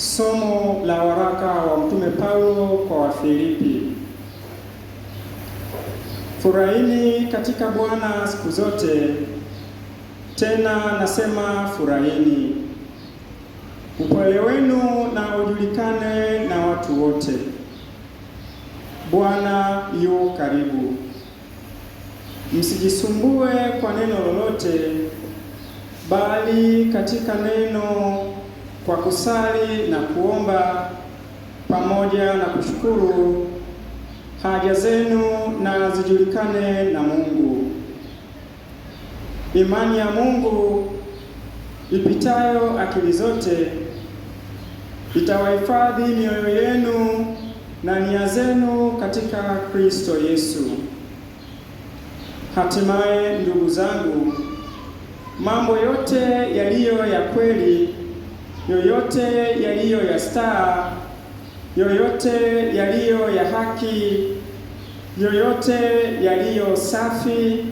Somo la waraka wa Mtume Paulo kwa Wafilipi. Furahini katika Bwana siku zote, tena nasema furahini. Upole wenu na ujulikane na watu wote. Bwana yu karibu. Msijisumbue kwa neno lolote, bali katika neno kwa kusali na kuomba pamoja na kushukuru, haja zenu na zijulikane na Mungu. Imani ya Mungu ipitayo akili zote itawahifadhi mioyo yenu na nia zenu katika Kristo Yesu. Hatimaye, ndugu zangu, mambo yote yaliyo ya kweli yoyote yaliyo ya staa, yoyote yaliyo ya haki, yoyote yaliyo safi,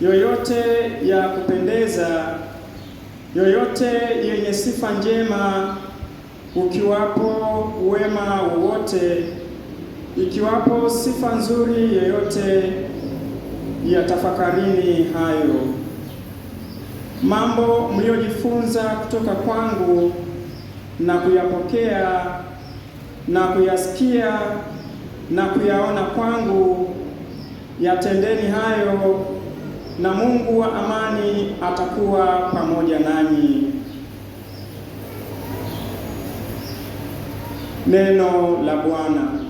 yoyote ya kupendeza, yoyote yenye sifa njema, ukiwapo wema wowote, ikiwapo sifa nzuri yoyote, yatafakarini hayo mambo mliyojifunza kutoka kwangu na kuyapokea na kuyasikia na kuyaona kwangu, yatendeni hayo, na Mungu wa amani atakuwa pamoja nanyi. Neno la Bwana.